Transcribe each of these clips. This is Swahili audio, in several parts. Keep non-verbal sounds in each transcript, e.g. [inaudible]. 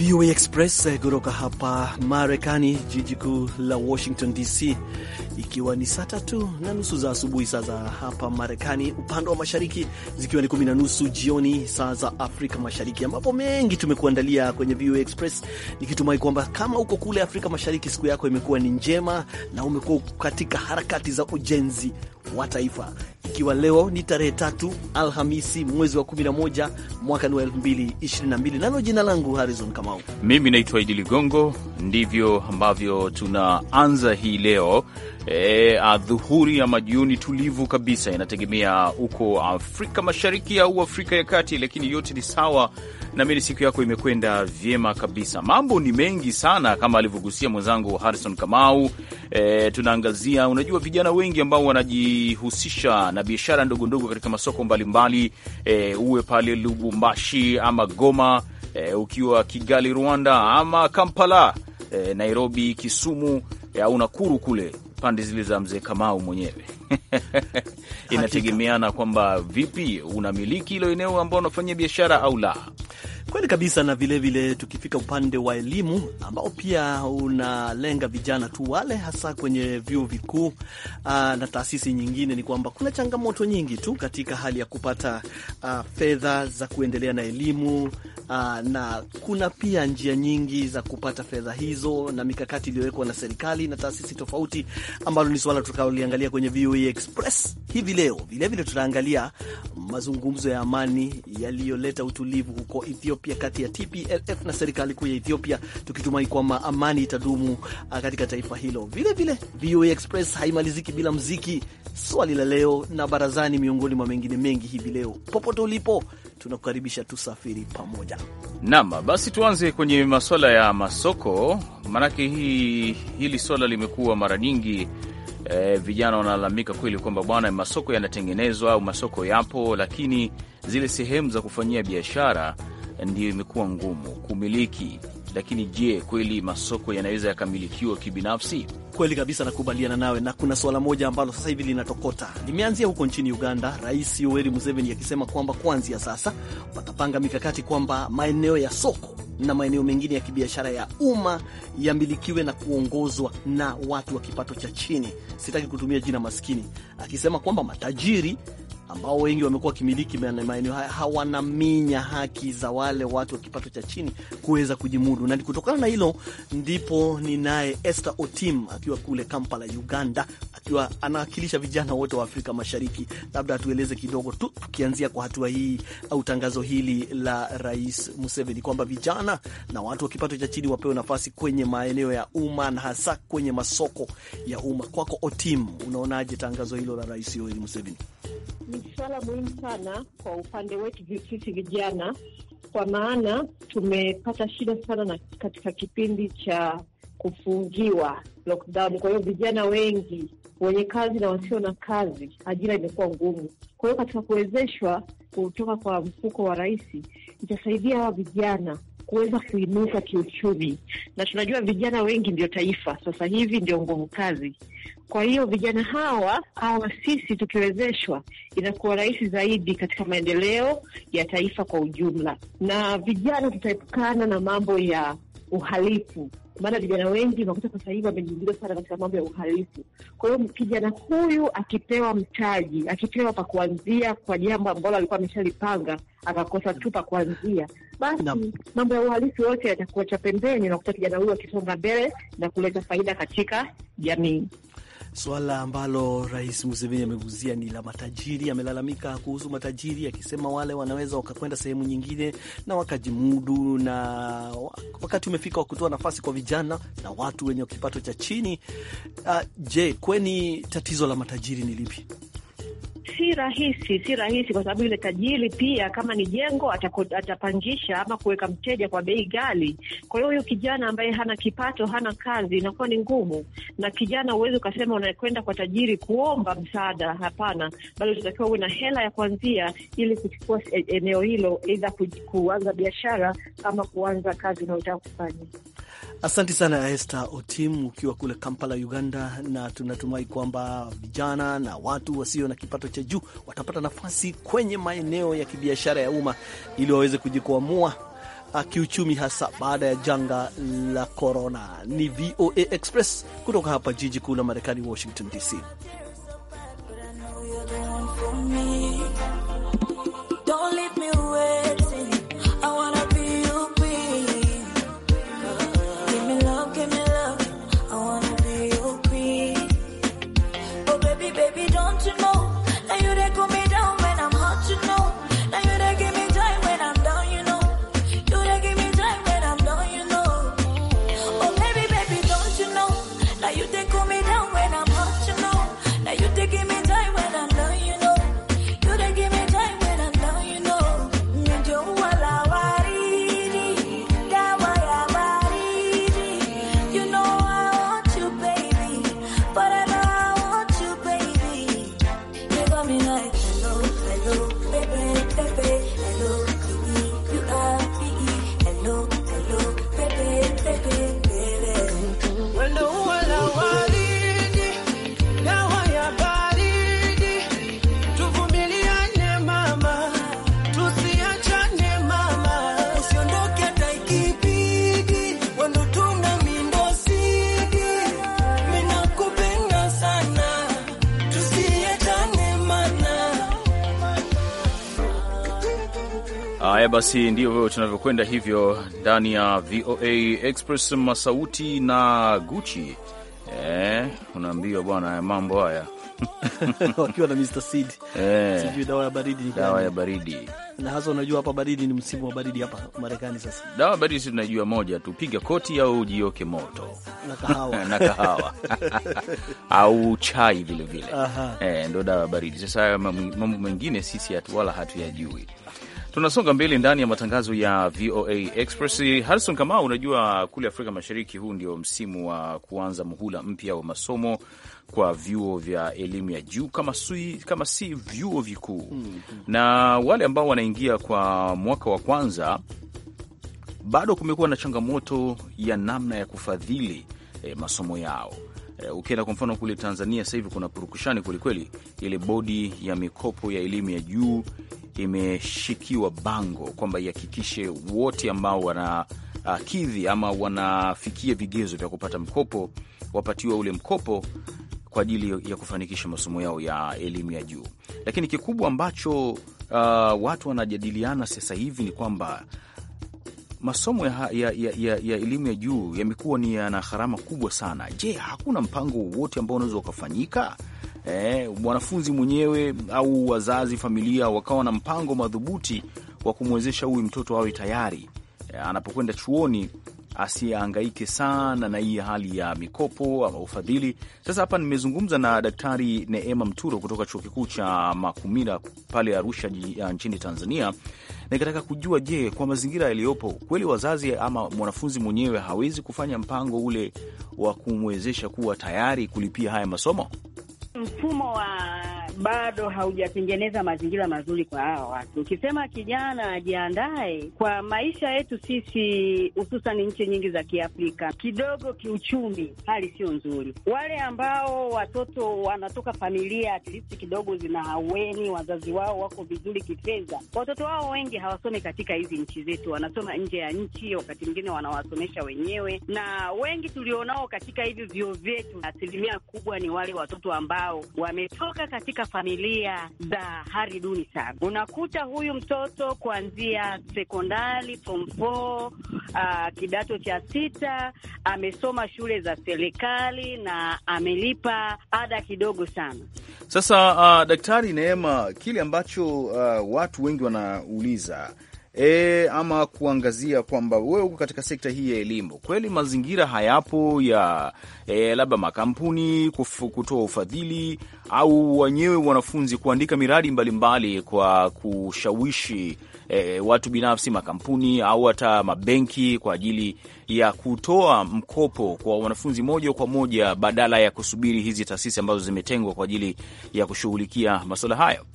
VOA Express eh, kutoka hapa Marekani, jiji kuu la Washington DC, ikiwa ni saa tatu na nusu za asubuhi saa za hapa Marekani, upande wa mashariki zikiwa ni kumi na nusu jioni saa za Afrika Mashariki, ambapo mengi tumekuandalia kwenye VOA Express, nikitumai kwamba kama uko kule Afrika Mashariki siku yako imekuwa ni njema na umekuwa katika harakati za ujenzi wa taifa ikiwa leo ni tarehe tatu Alhamisi mwezi wa 11 mwaka ni wa 2022, nalo jina langu Harrison Kamau, mimi naitwa Idi Ligongo. Ndivyo ambavyo tunaanza hii leo e, adhuhuri ama jioni tulivu kabisa, inategemea uko Afrika Mashariki au Afrika ya Kati, lakini yote ni sawa. Naamini siku yako imekwenda vyema kabisa. Mambo ni mengi sana kama alivyogusia mwenzangu Harrison Kamau. E, tunaangazia unajua, vijana wengi ambao wanajihusisha na biashara ndogo ndogo katika masoko mbalimbali mbali, e, uwe pale Lubumbashi ama Goma e, ukiwa Kigali Rwanda ama Kampala e, Nairobi, Kisumu e, au e, Nakuru kule pande zile za mzee Kamau mwenyewe [laughs] inategemeana kwamba vipi unamiliki hilo eneo ambao unafanya biashara au la. Kweli kabisa. Na vilevile vile tukifika upande wa elimu ambao pia unalenga vijana tu wale hasa kwenye vyuo vikuu ah, na taasisi nyingine, ni kwamba kuna changamoto nyingi tu katika hali ya kupata ah, fedha za kuendelea na elimu aa, ah, na kuna pia njia nyingi za kupata fedha hizo na mikakati iliyowekwa na serikali na taasisi tofauti, ambalo ni swala tutakaoliangalia kwenye VOA e Express hivi leo. Vilevile tutaangalia mazungumzo ya amani yaliyoleta utulivu huko Ethiopia kati ya TPLF na serikali kuu ya Ethiopia, tukitumai kwamba amani itadumu ah, katika taifa hilo. Vilevile VOA Express haimaliziki bila mziki, swali la leo na barazani, miongoni mwa mengine mengi hivi leo. Popote ulipo, tunakukaribisha tusafiri pamoja nam. Basi tuanze kwenye masuala ya masoko, maanake hii hili swala limekuwa mara nyingi eh, vijana wanalalamika kweli kwamba bwana, masoko yanatengenezwa au masoko yapo, lakini zile sehemu za kufanyia biashara eh, ndiyo imekuwa ngumu kumiliki lakini je, kweli masoko yanaweza yakamilikiwa kibinafsi? Kweli kabisa, nakubaliana nawe, na kuna suala moja ambalo sasa hivi linatokota, limeanzia huko nchini Uganda, Rais Yoweri Museveni akisema kwamba kuanzia sasa watapanga mikakati kwamba maeneo ya soko na maeneo mengine ya kibiashara ya umma yamilikiwe na kuongozwa na watu wa kipato cha chini, sitaki kutumia jina maskini, akisema kwamba matajiri ambao wengi wamekuwa wakimiliki maeneo haya hawanaminya haki za wale watu wa kipato cha chini kuweza kujimudu, na kutokana na hilo ndipo ninaye Esther Otim akiwa kule Kampala, Uganda, akiwa anawakilisha vijana wote wa Afrika Mashariki. Labda atueleze kidogo tu, tukianzia kwa hatua hii au tangazo hili la Rais Museveni kwamba vijana na watu wa kipato cha chini wapewe nafasi kwenye maeneo ya umma na hasa kwenye masoko ya umma. Kwako Otim, unaonaje tangazo hilo la Rais Yoweri Museveni? ni suala muhimu sana kwa upande wetu sisi vijana, kwa maana tumepata shida sana na katika kipindi cha kufungiwa lockdown. Kwa hiyo vijana wengi wenye kazi na wasio na kazi, ajira imekuwa ngumu. Kwa hiyo katika kuwezeshwa kutoka kwa mfuko wa rais itasaidia hawa vijana kuweza kuinuka kiuchumi, na tunajua vijana wengi ndio taifa sasa hivi, ndio nguvu kazi. Kwa hiyo vijana hawa hawa, sisi tukiwezeshwa, inakuwa rahisi zaidi katika maendeleo ya taifa kwa ujumla, na vijana tutaepukana na mambo ya uhalifu maana vijana wengi unakuta sasa hivi wamejiingiza sana katika mambo ya uhalifu. Kwa hiyo kijana huyu akipewa mtaji, akipewa pa kuanzia kwa jambo ambalo alikuwa ameshalipanga, akakosa tu pa kuanzia, basi no. mambo ya uhalifu yote yatakuwa cha pembeni. Unakuta kijana huyu akisonga mbele na kuleta faida katika jamii. Swala ambalo Rais Museveni ameguzia ni la matajiri. Amelalamika kuhusu matajiri akisema wale wanaweza wakakwenda sehemu nyingine na wakajimudu, na wakati umefika wa kutoa nafasi kwa vijana na watu wenye kipato cha chini. Uh, je, kweni tatizo la matajiri ni lipi? si rahisi, si rahisi kwa sababu yule tajiri pia, kama ni jengo atapangisha ama kuweka mteja kwa bei ghali. Kwa hiyo huyo kijana ambaye hana kipato, hana kazi, inakuwa ni ngumu. Na kijana, huwezi ukasema unakwenda kwa tajiri kuomba msaada, hapana. Bado tunatakiwa uwe na hela ya kuanzia ili kuchukua e, eneo hilo, eidha kuanza biashara ama kuanza kazi unayotaka kufanya. Asante sana Esther Otim ukiwa kule Kampala, Uganda, na tunatumai kwamba vijana na watu wasio na kipato cha juu watapata nafasi kwenye maeneo ya kibiashara ya umma ili waweze kujikwamua ah, kiuchumi, hasa baada ya janga la korona. Ni VOA Express kutoka hapa jiji kuu la Marekani, Washington DC. Haya basi, ndivyo tunavyokwenda hivyo ndani ya VOA Express. Masauti na Guchi eh, unaambiwa bwana ya mambo haya [laughs] wakiwa na Mr Seed eh, sijui dawa ya baridi, dawa ya baridi na hasa unajua, hapa baridi ni msimu wa baridi hapa Marekani. Sasa dawa ya baridi si tunajua moja tu, piga koti au ujioke moto na kahawa [laughs] na kahawa [laughs] au chai vilevile, eh, ndo dawa ya baridi. Sasa mambo mengine sisi hatu wala hatuyajui. Tunasonga mbele ndani ya matangazo ya VOA Express. Harison Kamau, unajua kule Afrika Mashariki huu ndio msimu wa kuanza muhula mpya wa masomo kwa vyuo vya elimu ya juu kama, sui, kama si vyuo vikuu mm -hmm. na wale ambao wanaingia kwa mwaka wa kwanza bado kumekuwa na changamoto ya namna ya kufadhili eh, masomo yao Uh, ukienda kwa mfano kule Tanzania sasa hivi kuna purukushani kwelikweli. Ile bodi ya mikopo ya elimu ya juu imeshikiwa bango kwamba ihakikishe wote ambao wana uh, kidhi ama wanafikia vigezo vya kupata mkopo wapatiwa ule mkopo kwa ajili ya kufanikisha masomo yao ya elimu ya juu. Lakini kikubwa ambacho uh, watu wanajadiliana sasa hivi ni kwamba masomo ya, ya, ya, ya, ya elimu ya juu yamekuwa ni yana gharama kubwa sana. Je, hakuna mpango wowote ambao unaweza ukafanyika eh, mwanafunzi eh, mwenyewe au wazazi, familia wakawa na mpango madhubuti wa kumwezesha huyu mtoto awe tayari eh, anapokwenda chuoni asiyeangaike sana na hii hali ya mikopo ama ufadhili. Sasa hapa nimezungumza na Daktari Neema Mturo kutoka chuo kikuu cha Makumira pale Arusha nchini Tanzania, nikataka kujua, je, kwa mazingira yaliyopo kweli wazazi ama mwanafunzi mwenyewe hawezi kufanya mpango ule wa kumwezesha kuwa tayari kulipia haya masomo? Mfumo wa bado haujatengeneza mazingira mazuri kwa hawa watu. Ukisema kijana ajiandae kwa maisha yetu sisi, hususan nchi nyingi za Kiafrika, kidogo kiuchumi hali sio nzuri. Wale ambao watoto wanatoka familia at least kidogo zina haweni, wazazi wao wako vizuri kifedha, watoto wao wengi hawasomi katika hizi nchi zetu, wanasoma nje ya nchi, wakati mwingine wanawasomesha wenyewe, na wengi tulionao katika hivi vyuo vyetu, asilimia kubwa ni wale watoto ambao wametoka katika familia za hali duni sana. Unakuta huyu mtoto kuanzia sekondari, form four, uh, kidato cha sita, amesoma shule za serikali na amelipa ada kidogo sana. Sasa uh, Daktari Neema, kile ambacho uh, watu wengi wanauliza e, ama kuangazia kwamba wewe uko katika sekta hii ya elimu, kweli mazingira hayapo ya e, labda makampuni kutoa ufadhili au wenyewe wanafunzi kuandika miradi mbalimbali mbali kwa kushawishi e, watu binafsi, makampuni au hata mabenki kwa ajili ya kutoa mkopo kwa wanafunzi moja kwa moja badala ya kusubiri hizi taasisi ambazo zimetengwa kwa ajili ya kushughulikia masuala hayo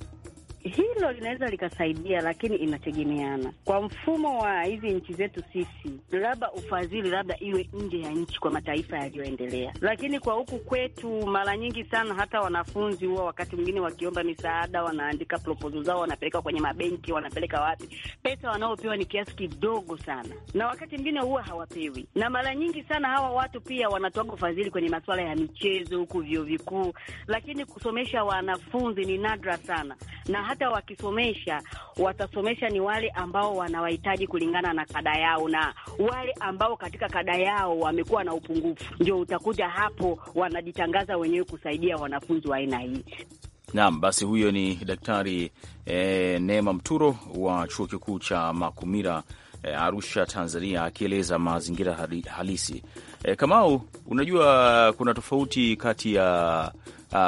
hilo linaweza likasaidia, lakini inategemeana kwa mfumo wa hizi nchi zetu sisi, labda ufadhili labda iwe nje ya nchi kwa mataifa yaliyoendelea, lakini kwa huku kwetu mara nyingi sana hata wanafunzi huwa wakati mwingine wakiomba misaada wanaandika proposal zao, wanapeleka kwenye mabenki, wanapeleka wapi, pesa wanaopewa ni kiasi kidogo sana, na wakati mwingine huwa hawapewi. Na mara nyingi sana hawa watu pia wanatoaga ufadhili kwenye masuala ya michezo huku vyuo vikuu, lakini kusomesha wanafunzi ni nadra sana na hata wakisomesha watasomesha ni wale ambao wanawahitaji kulingana na kada yao, na wale ambao katika kada yao wamekuwa na upungufu, ndio utakuta hapo wanajitangaza wenyewe kusaidia wanafunzi wa aina hii. Naam, basi huyo ni Daktari e, Neema Mturo wa Chuo Kikuu cha Makumira e, Arusha, Tanzania, akieleza mazingira halisi. E, Kamau, unajua kuna tofauti kati ya a,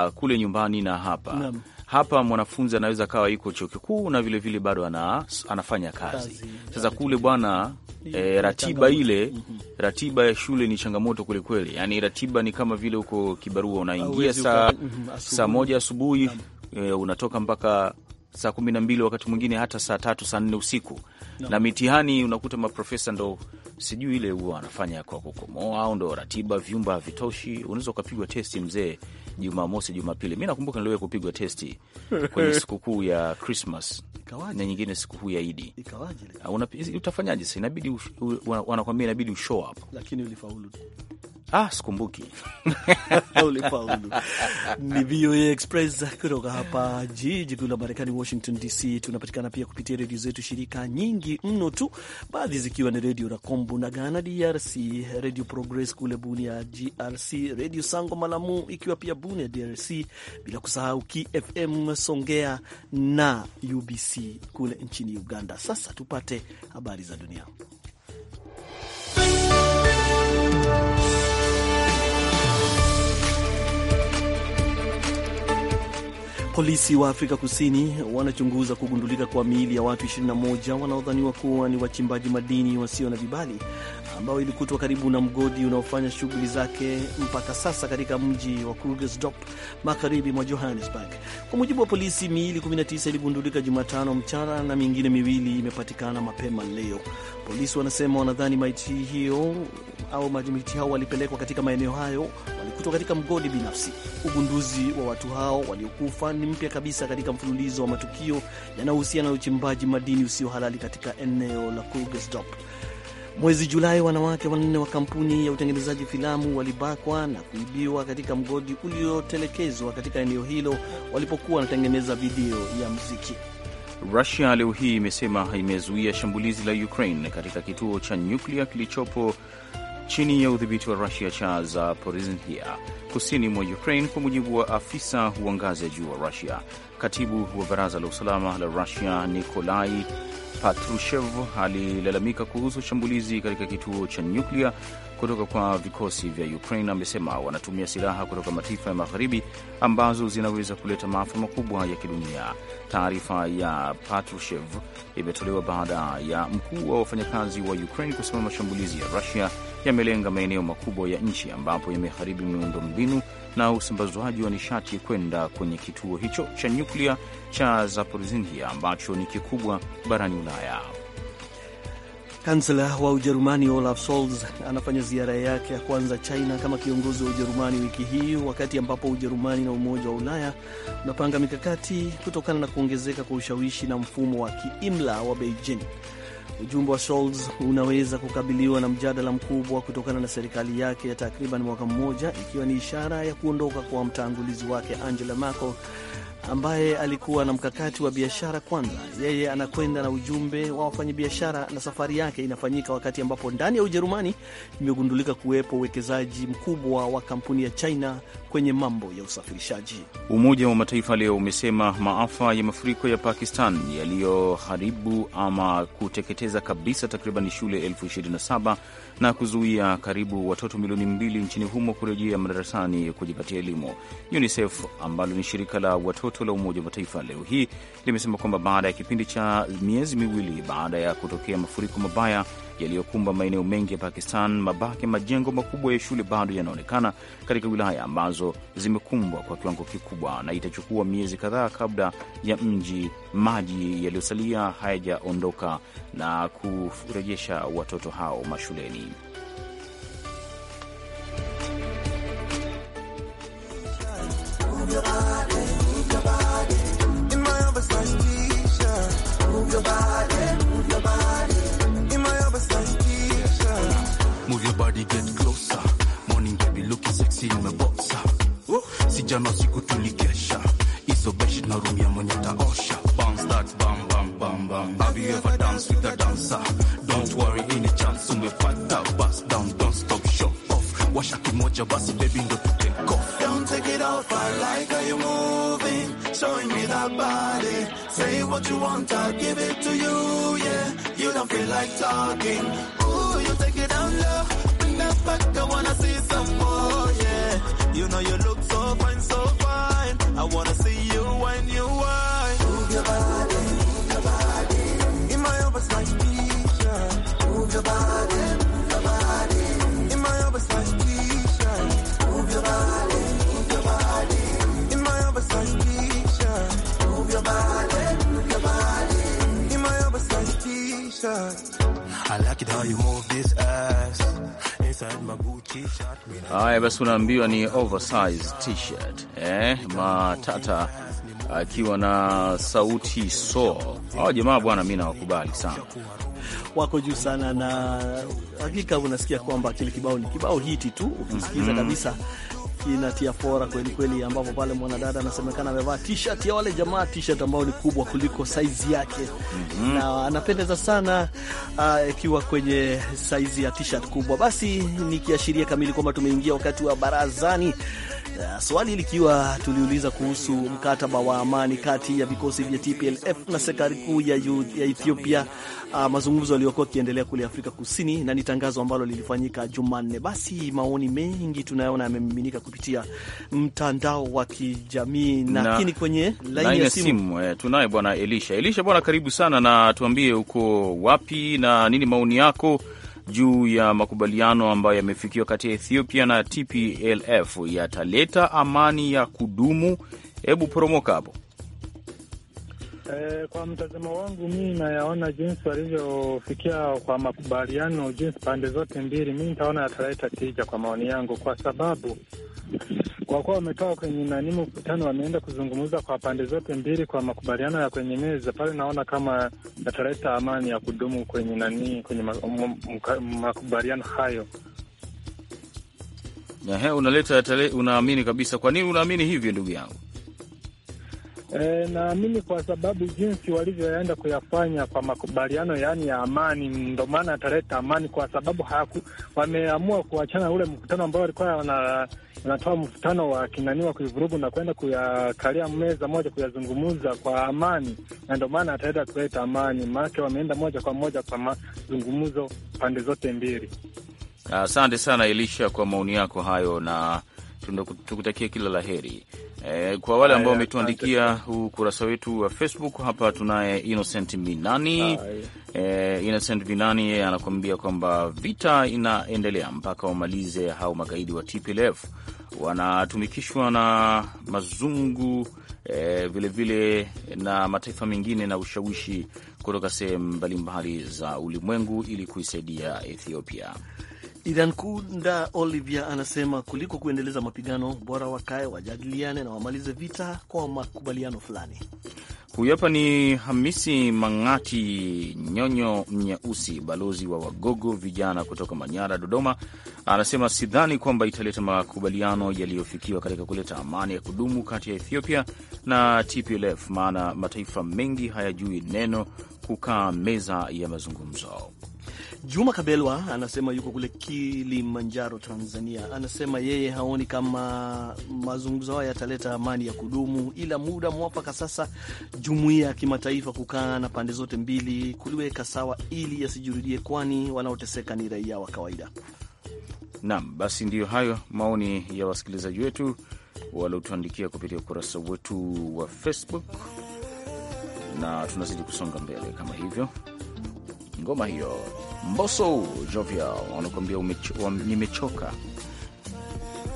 ah, kule nyumbani na hapa Naam. Hapa mwanafunzi anaweza akawa yuko chuo kikuu na vilevile bado ana, anafanya kazi, kazi. Sasa kule bwana e, ratiba ile mhm. ratiba ya shule ni changamoto kwelikweli, yani ratiba ni kama vile uko kibarua unaingia saa, mhm, saa moja asubuhi e, unatoka mpaka saa kumi na mbili wakati mwingine hata saa tatu saa nne usiku no. Na mitihani unakuta maprofesa ndo sijui ile huwa anafanya kwa kukomoa au ndo ratiba, vyumba havitoshi. Unaweza ukapigwa testi mzee, Jumamosi, Jumapili. Mi nakumbuka niliwahi kupigwa testi kwenye [laughs] sikukuu ya Krismas na nyingine sikukuu ya Idi. Utafanyaje? Sa inabidi wanakwambia, inabidi ushow up. Lakini ulifaulu Ah, sikumbuki [laughs] Ni VOA Express kutoka hapa jiji kuu la Marekani, Washington DC. Tunapatikana pia kupitia redio zetu shirika nyingi mno tu, baadhi zikiwa ni Redio Rakombu na Ghana DRC, Redio Progress kule Bunia GRC, Redio Sango Malamu ikiwa pia Bunia DRC, bila kusahau KFM Songea na UBC kule nchini Uganda. Sasa tupate habari za dunia. Polisi wa Afrika Kusini wanachunguza kugundulika kwa miili ya watu 21 wanaodhaniwa kuwa ni wachimbaji madini wasio na vibali ambao ilikutwa karibu na mgodi unaofanya shughuli zake mpaka sasa katika mji wa Krugersdorp magharibi mwa Johannesburg. Kwa mujibu wa polisi, miili 19 iligundulika Jumatano mchana na mingine miwili imepatikana mapema leo. Polisi wanasema wanadhani maiti hiyo au majimiti hao walipelekwa katika maeneo hayo walikutwa katika mgodi binafsi. Ugunduzi wa watu hao waliokufa ni mpya kabisa katika mfululizo wa matukio yanayohusiana na uchimbaji madini usio halali katika eneo la Krugersdorp. Mwezi Julai, wanawake wanne wa kampuni ya utengenezaji filamu walibakwa na kuibiwa katika mgodi uliotelekezwa katika eneo hilo walipokuwa wanatengeneza video ya muziki. Rusia leo hii imesema imezuia shambulizi la Ukraine katika kituo cha nyuklia kilichopo chini ya udhibiti wa Rusia cha Zaporizhia kusini mwa Ukraine, kwa mujibu wa afisa wa ngazi ya juu wa Rusia. Katibu wa baraza la usalama la Rusia Nikolai Patrushev alilalamika kuhusu shambulizi katika kituo cha nyuklia kutoka kwa vikosi vya Ukraine. Amesema wanatumia silaha kutoka mataifa ya magharibi ambazo zinaweza kuleta maafa makubwa ya kidunia. Taarifa ya Patrushev imetolewa baada ya mkuu wa wafanyakazi wa Ukraine kusema mashambulizi ya Rusia yamelenga maeneo makubwa ya nchi ambapo yameharibu miundo mbinu na usambazwaji wa nishati kwenda kwenye kituo hicho cha nyuklia cha Zaporizhia ambacho ni kikubwa barani Ulaya. Kansela wa Ujerumani Olaf Scholz anafanya ziara yake ya kwanza China kama kiongozi wa Ujerumani wiki hii, wakati ambapo Ujerumani na Umoja wa Ulaya unapanga mikakati kutokana na kuongezeka kwa ushawishi na mfumo wa kiimla wa Beijing. Ujumbe wa Scholz unaweza kukabiliwa na mjadala mkubwa kutokana na serikali yake ya takriban mwaka mmoja, ikiwa ni ishara ya kuondoka kwa mtangulizi wake Angela Merkel ambaye alikuwa na mkakati wa biashara kwanza. Yeye anakwenda na ujumbe wa wafanyabiashara, na safari yake inafanyika wakati ambapo ndani ya Ujerumani imegundulika kuwepo uwekezaji mkubwa wa kampuni ya China kwenye mambo ya usafirishaji. Umoja wa Mataifa leo umesema maafa ya mafuriko ya Pakistan yaliyoharibu ama kuteketeza kabisa takriban shule elfu 27 na kuzuia karibu watoto milioni mbili nchini humo kurejea madarasani kujipatia elimu. UNICEF ambalo ni shirika la watoto tatu la Umoja wa Mataifa leo hii limesema kwamba baada ya kipindi cha miezi miwili baada ya kutokea mafuriko mabaya yaliyokumba maeneo mengi ya Pakistan, mabaki majengo makubwa ya shule bado yanaonekana katika wilaya ambazo zimekumbwa kwa kiwango kikubwa, na itachukua miezi kadhaa kabla ya mji maji yaliyosalia hayajaondoka na kurejesha watoto hao mashuleni. body get closer. Morning baby looking sexy, in my boxer. nimeboxa sijana siku tulikesha, hizo beshi ya mwenye taosha. Bounce that bam bam bam bam. Have you ever danced with a dancer? Don't worry, any chance umepata. Bust down, don't stop, show off. Washa kimoja basi baby ndo tu take off. Don't take it off, I like how you moving. Showing me that body. Say what you want, I'll give it to you, yeah. You don't feel like talking. Ooh, you take it down low. I wanna see some more, yeah. You know you look so fine, so fine. I wanna see you you Move your body, your body. In my Move your body, your body. In my Move your body, your body. In my Move your body, your body. In my I like it how you move this ass Haya basi, unaambiwa ni oversize t-shirt eh, matata akiwa na sauti so. Hawa oh, jamaa bwana, mi nawakubali sana, wako juu sana, na hakika unasikia kwamba kile kibao ni kibao hiti tu, ukisikiza mm -hmm. kabisa muziki na kweli kweli, ambapo pale mwanadada anasemekana amevaa t-shirt ya wale jamaa, t-shirt ambayo ni kubwa kuliko saizi yake mm -hmm. na anapendeza sana uh, ikiwa uh, kwenye saizi ya t-shirt kubwa, basi nikiashiria kamili kwamba tumeingia wakati wa barazani swali likiwa tuliuliza kuhusu mkataba wa amani kati ya vikosi vya TPLF na serikali kuu ya, ya Ethiopia, uh, mazungumzo yaliyokuwa yakiendelea kule Afrika Kusini, na ni tangazo ambalo lilifanyika Jumanne. Basi maoni mengi tunayoona yamemiminika kupitia mtandao wa kijamii, lakini kwenye laini ya simu, simu eh, tunaye bwana Elisha. Elisha bwana, karibu sana na tuambie uko wapi na nini maoni yako juu ya makubaliano ambayo yamefikiwa kati ya Ethiopia na TPLF yataleta amani ya kudumu. Hebu poromoka hapo. Eh, kwa mtazamo wangu mimi nayaona jinsi walivyofikia kwa makubaliano, jinsi pande zote mbili, mi nitaona yataleta tija, kwa maoni yangu, kwa sababu kwa kuwa wametoka kwenye nani mkutano, wameenda kuzungumza kwa pande zote mbili kwa makubaliano ya kwenye meza pale, naona kama yataleta amani ya kudumu kwenye nani, kwenye makubaliano hayo. unaleta unaamini kabisa? Kwa nini unaamini hivyo, ndugu yangu? E, naamini kwa sababu jinsi walivyoenda kuyafanya kwa makubaliano yaani ya amani, ndo maana ataleta amani, kwa sababu haku, wameamua kuachana ule mkutano ambao walikuwa wana wanatoa mkutano wa kinaniwa kuivurugu na kwenda kuyakalia meza moja kuyazungumza kwa amani, na ndo maana ataenda kuleta amani, maanake wameenda moja kwa moja kwa mazungumzo pande zote mbili. Asante sana Elisha kwa maoni yako hayo na tunakutakia kila la heri. E, kwa wale ambao wametuandikia ukurasa wetu wa Facebook hapa tunaye Innocent Minani. E, Innocent Minani anakuambia kwamba vita inaendelea mpaka wamalize hao magaidi wa TPLF wanatumikishwa na mazungu vilevile eh, vile na mataifa mengine na ushawishi kutoka sehemu mbalimbali za ulimwengu ili kuisaidia Ethiopia. Kunda Olivia anasema kuliko kuendeleza mapigano, bora wakae wajadiliane na wamalize vita kwa makubaliano fulani. Huyu hapa ni Hamisi Mang'ati Nyonyo Nyeusi, balozi wa Wagogo vijana kutoka Manyara, Dodoma, anasema sidhani kwamba italeta makubaliano yaliyofikiwa katika kuleta amani ya kudumu kati ya Ethiopia na TPLF, maana mataifa mengi hayajui neno kukaa meza ya mazungumzo. Juma Kabelwa anasema yuko kule Kilimanjaro, Tanzania. Anasema yeye haoni kama mazungumzo hayo yataleta amani ya kudumu, ila muda mwafaka sasa jumuiya ya kimataifa kukaa na pande zote mbili kuliweka sawa ili yasijurudie, kwani wanaoteseka ni raia wa kawaida. Naam, basi ndiyo hayo maoni ya wasikilizaji wetu waliotuandikia kupitia ukurasa wetu wa Facebook, na tunazidi kusonga mbele kama hivyo ngoma hiyo. Mboso Jovial wanakuambia nimechoka.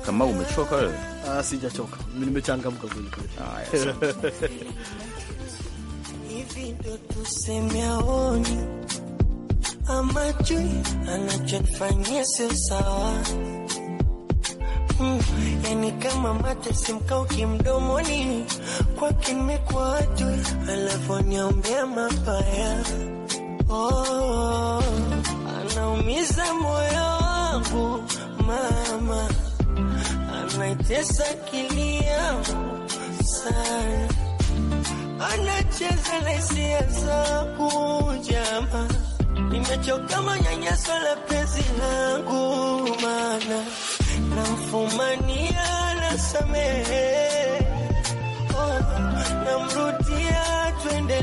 Kama umechoka wewe? Ah, sijachoka, nimechangamka kweli kweli. Haya, ah, [laughs] hivi ndo tuseme aoni ama chui anachofanyia sio sawa. Mm, yani kama mate simkauki mdomoni kwake, nimekuwa jui alafu aniombea mabaya oh, anaumiza moyo wangu mama, anaitesa akili yangu sana, anacheza na hisia zangu jama, nimechoka manyanyaso la penzi langu mana namfumania nasamehe samehe oh, namrudia twende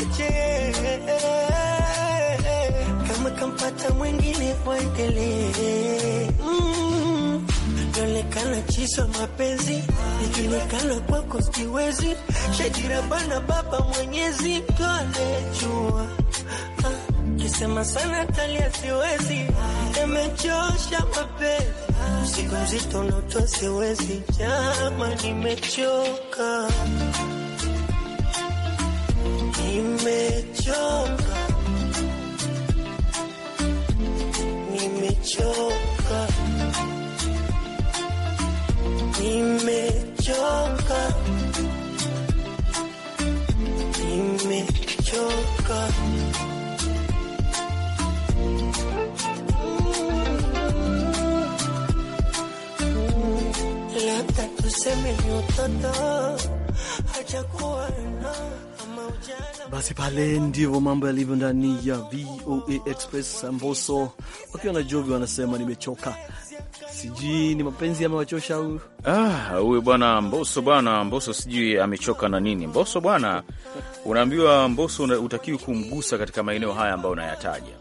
wache kama kampata mwingine waendelee. Mm, chiso mapenzi nijulikana kwako siwezi, shajira bana baba mwenyezi tolejua ah, kisema sana talia siwezi, nimechosha mapenzi siku nzito nautoa siwezi, jama nimechoka nimechoka, nimechoka, nimechoka, nimechoka. Labda tuseme ni utoto hajakuwa na basi pale ndivyo mambo yalivyo ndani ya VOA Express. Mboso wakiwa na Jovi wanasema nimechoka, sijui ni mapenzi amewachosha ah, huyu huyu. Ah, bwana Mboso bwana Mboso sijui amechoka na nini. Mboso bwana, unaambiwa Mboso utakiwi kumgusa katika maeneo haya ambayo unayataja,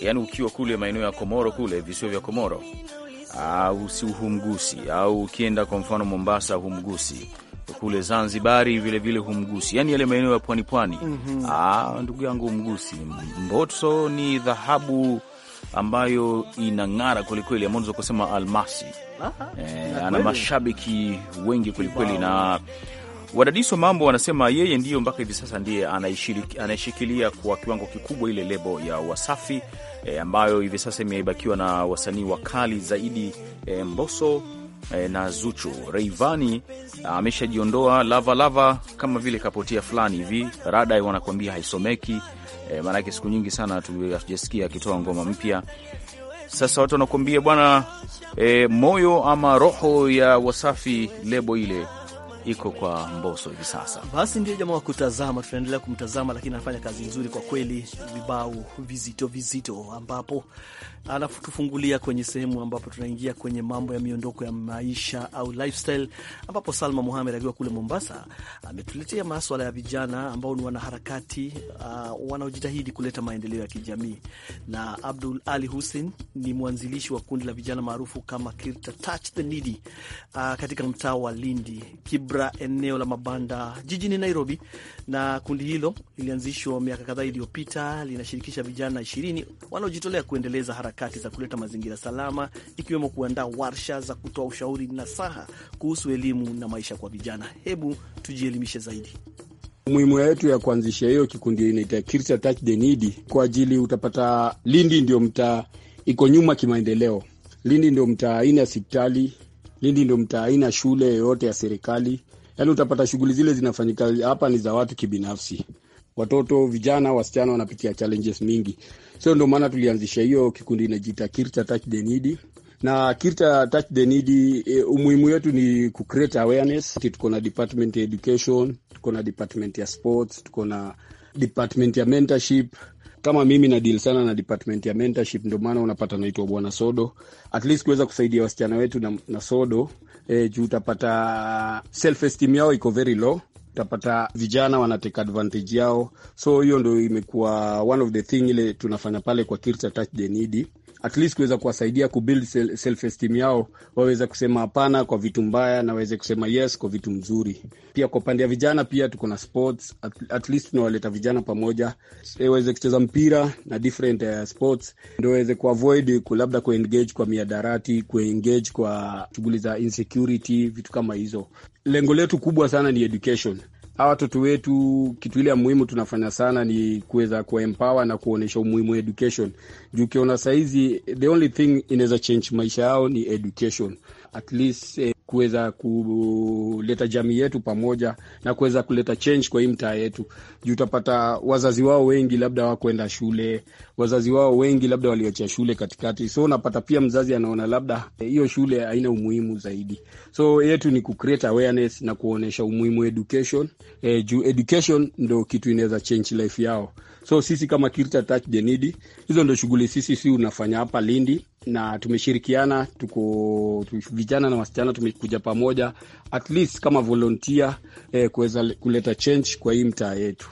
yaani ukiwa kule maeneo ya Komoro kule visiwa vya Komoro au ah, si humgusi, au ukienda kwa mfano Mombasa humgusi kule Zanzibari vilevile humgusi, yani yale maeneo ya pwani pwani. mm -hmm. Ndugu yangu humgusi. Mboto ni dhahabu ambayo inang'ara kwelikweli, ambayo unaweza kusema almasi. Eh, ana mashabiki wengi kwelikweli na wadadisi wa mambo wanasema yeye ndiyo mpaka hivi sasa ndiye anayeshikilia kwa kiwango kikubwa ile lebo ya Wasafi e, ambayo hivi sasa imebakiwa na wasanii wakali zaidi e, eh, Mboso eh, na Zuchu. reivani ah, ameshajiondoa. Lava Lava kama vile kapotia fulani hivi. Radai wanakuambia haisomeki, eh, maanake siku nyingi sana hatujasikia akitoa ngoma mpya. Sasa watu wanakuambia bwana, eh, moyo ama roho ya Wasafi lebo ile iko kwa Mboso hivi sasa. Basi ndio jamaa wa kutazama, tunaendelea kumtazama, lakini anafanya kazi nzuri kwa kweli, vibao vizito vizito, ambapo anatufungulia kwenye sehemu ambapo tunaingia kwenye mambo ya miondoko ya maisha au lifestyle, ambapo Salma Mohamed akiwa kule Mombasa ametuletea maswala ya vijana ambao ni wanaharakati uh, wanaojitahidi kuleta maendeleo ya kijamii, na Abdul Ali Hussein ni mwanzilishi wa kundi la vijana maarufu kama Kirta Touch the Needy, uh, katika mtaa wa Lindi Kibra Kibra, eneo la mabanda jijini Nairobi, na kundi hilo lilianzishwa miaka kadhaa iliyopita. Linashirikisha vijana ishirini wanaojitolea kuendeleza harakati za kuleta mazingira salama, ikiwemo kuandaa warsha za kutoa ushauri na saha kuhusu elimu na maisha kwa vijana. Hebu tujielimishe zaidi. Muhimu yetu ya kuanzisha hiyo kikundi inaita Touch the kwa ajili utapata Lindi ndio mtaa iko nyuma kimaendeleo. Lindi ndio mtaa ya hospitali, Lindi ndio mtaa, haina shule yoyote ya serikali, yaani utapata shughuli zile zinafanyika hapa ni za watu kibinafsi. Watoto vijana, wasichana wanapitia challenges mingi, so ndio maana tulianzisha hiyo kikundi inajiita Kirta Touch the Needy na Kirta Touch the Needy, e, umuhimu wetu ni ku create awareness. Tuko na department ya education, tuko na department ya sports, tuko na department ya mentorship kama mimi na deal sana na department ya mentorship, ndio maana unapata naitwa bwana sodo, at least kuweza kusaidia wasichana wetu na, na sodo e, juu utapata self esteem yao iko very low utapata vijana wanateka advantage yao, so hiyo ndo imekuwa one of the thing ile tunafanya pale kwa Kircha Touch the Needy at least kuweza kuwasaidia kubuild self esteem yao, waweze kusema hapana kwa vitu mbaya na waweze kusema yes kwa vitu mzuri. Pia kwa upande ya vijana pia tuko na sports, at, at least tunawaleta vijana pamoja eh, waweze kucheza mpira na different uh, sports ndio waweze kuavoid labda kuengage kwa miadarati, kuengage kwa shughuli za insecurity, vitu kama hizo. Lengo letu kubwa sana ni education hawa watoto wetu, kitu ile muhimu tunafanya sana ni kuweza kuempower na kuonyesha umuhimu wa education, juu ukiona saizi the only thing inaweza change maisha yao ni education at least eh, kuweza kuleta jamii yetu pamoja na kuweza kuleta change kwa hii mtaa yetu, juu utapata wazazi wao wengi labda wakwenda shule, wazazi wao wengi labda waliachia shule katikati, so unapata pia mzazi anaona labda eh, hiyo eh, shule haina umuhimu zaidi. So yetu ni kucreate awareness na kuonyesha umuhimu wa education eh, juu education ndo kitu inaweza change life yao. So sisi kama Kirta Touch the Needy, hizo ndo shughuli sisi si unafanya hapa Lindi na tumeshirikiana, tuko vijana na wasichana, tumekuja pamoja at least kama volunteer eh, kuweza kuleta change kwa hii mtaa yetu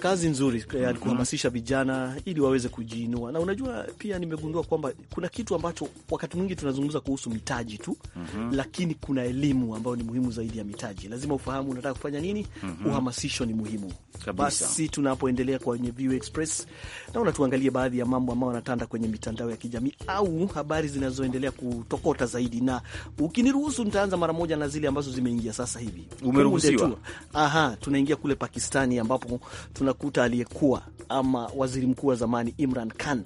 kazi nzuri eh, ya kuhamasisha vijana ili waweze kujiinua. Na unajua pia nimegundua kwamba kuna kitu ambacho wakati mwingi tunazungumza kuhusu mitaji tu, mm -hmm. lakini kuna elimu ambayo ni muhimu zaidi ya mitaji. Lazima ufahamu unataka kufanya nini. mm -hmm. Uhamasisho ni muhimu kabisa. Basi tunapoendelea kwenye View Express, naona tuangalie baadhi ya mambo ambayo wanatanda kwenye mitandao ya kijamii au habari zinazoendelea kutokota zaidi, na ukiniruhusu nitaanza mara moja na zile ambazo zimeingia sasa hivi. Umeruhusiwa. Aha, tunaingia kule Pakistani ambapo tunakuta aliyekuwa ama waziri mkuu wa zamani Imran Khan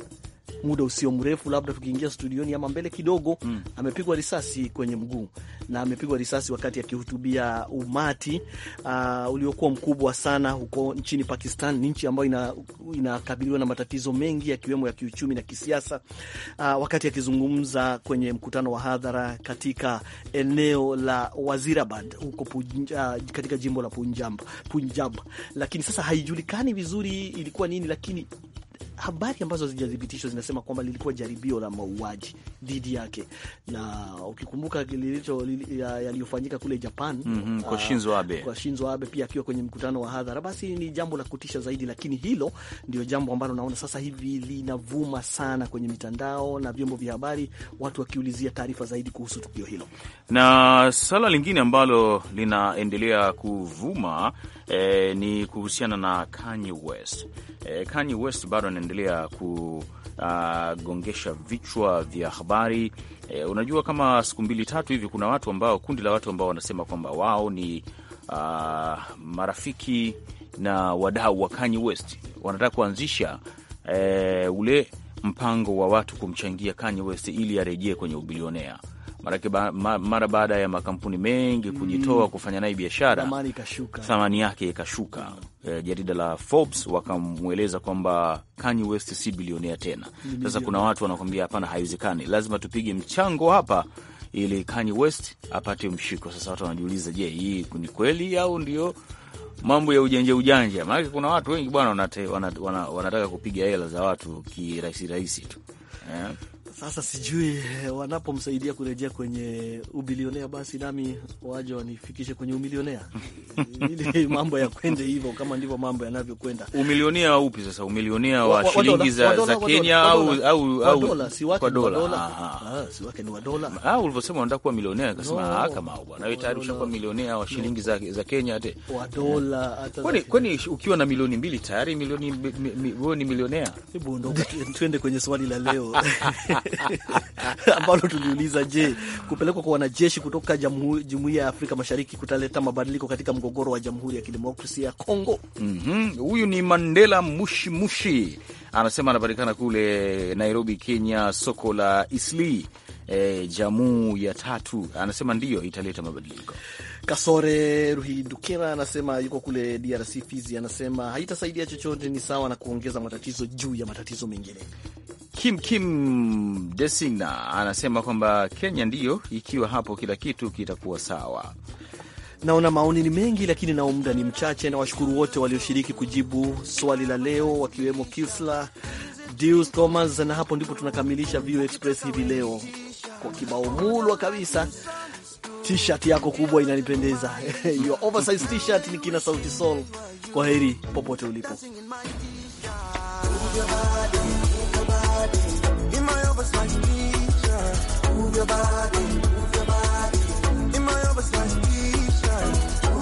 muda usio mrefu, labda tukiingia studioni ama mbele kidogo mm. amepigwa risasi kwenye mguu na amepigwa risasi wakati akihutubia umati uh, uliokuwa mkubwa sana huko nchini Pakistan. Ni nchi ambayo inakabiliwa ina na matatizo mengi yakiwemo ya kiuchumi na kisiasa. Uh, wakati akizungumza kwenye mkutano wa hadhara katika eneo la Wazirabad huko punja, uh, katika jimbo la Punjab, Punjab, lakini sasa haijulikani vizuri ilikuwa nini, lakini habari ambazo hazijathibitishwa zinasema kwamba lilikuwa jaribio la mauaji dhidi yake, na ukikumbuka lilicho yaliyofanyika kule Japan mm -hmm, kwa ah, Shinzo Abe, kwa Shinzo Abe pia akiwa kwenye mkutano wa hadhara, basi ni jambo la kutisha zaidi, lakini hilo ndio jambo ambalo naona sasa hivi linavuma sana kwenye mitandao na vyombo vya habari, watu wakiulizia taarifa zaidi kuhusu tukio hilo. Na swala lingine ambalo linaendelea kuvuma e, ni kuhusiana na Kanye West. E, Kanye West bado anaendelea kugongesha ah, uh, vichwa vya habari E, unajua kama siku mbili tatu hivi, kuna watu ambao, kundi la watu ambao wanasema kwamba wao ni uh, marafiki na wadau wa Kanye West, wanataka kuanzisha e, ule mpango wa watu kumchangia Kanye West ili arejee kwenye ubilionea mara, baada ya makampuni mengi kujitoa mm, kufanya naye biashara thamani yake ikashuka. E, jarida la Forbes wakamweleza kwamba Kanye West si bilionea tena. Sasa kuna watu wanakwambia hapana, haiwezekani, lazima tupige mchango hapa ili Kanye West apate mshiko. Sasa watu wanajiuliza, je, hii ni kweli au ndio mambo ya ujanja ujanja? Maanake kuna watu wengi bwana wanataka wana, wana, wana kupiga hela za watu kirahisi rahisi tu yeah. Sasa sijui eh, wanapomsaidia kurejea kwenye ubilionea, basi nami waje wanifikishe kwenye umilionea [laughs] ili mambo yakwende hivyo, kama ndivyo mambo yanavyokwenda. Umilionea upi sasa? Umilionea wa, shilingi za, za Kenya au si wake ni wadola? Ah, ulivyosema unataka kuwa milionea, akasema kama ah, bwana wewe tayari ushakuwa milionea wa shilingi za, za Kenya ate eh. Kwani kwani ukiwa na milioni mbili tayari milioni milioni milionea? Hebu tuende kwenye swali la leo [laughs] [laughs] ambalo tuliuliza, je, kupelekwa kwa wanajeshi kutoka jumuiya ya Afrika Mashariki kutaleta mabadiliko katika mgogoro wa Jamhuri ya Kidemokrasia ya Kongo? mm -hmm. Huyu ni Mandela Mushimushi mushi anasema anapatikana kule Nairobi, Kenya, soko la Isli E, eh, jamuu ya tatu anasema ndiyo italeta mabadiliko. Kasore Ruhindukira anasema yuko kule DRC Fizi, anasema haitasaidia chochote, ni sawa na kuongeza matatizo juu ya matatizo mengine. Kim Kim Designa anasema kwamba Kenya ndiyo, ikiwa hapo kila kitu kitakuwa sawa. Naona maoni ni mengi, lakini nao muda ni mchache, na washukuru wote walioshiriki kujibu swali la leo, wakiwemo Kisla Deus Thomas. Na hapo ndipo tunakamilisha VOA Express hivi leo kwa kibao mulwa kabisa. T-shirt yako kubwa inanipendeza. [laughs] Your oversized t-shirt ni kina Sauti Sol. Kwa heri popote ulipo.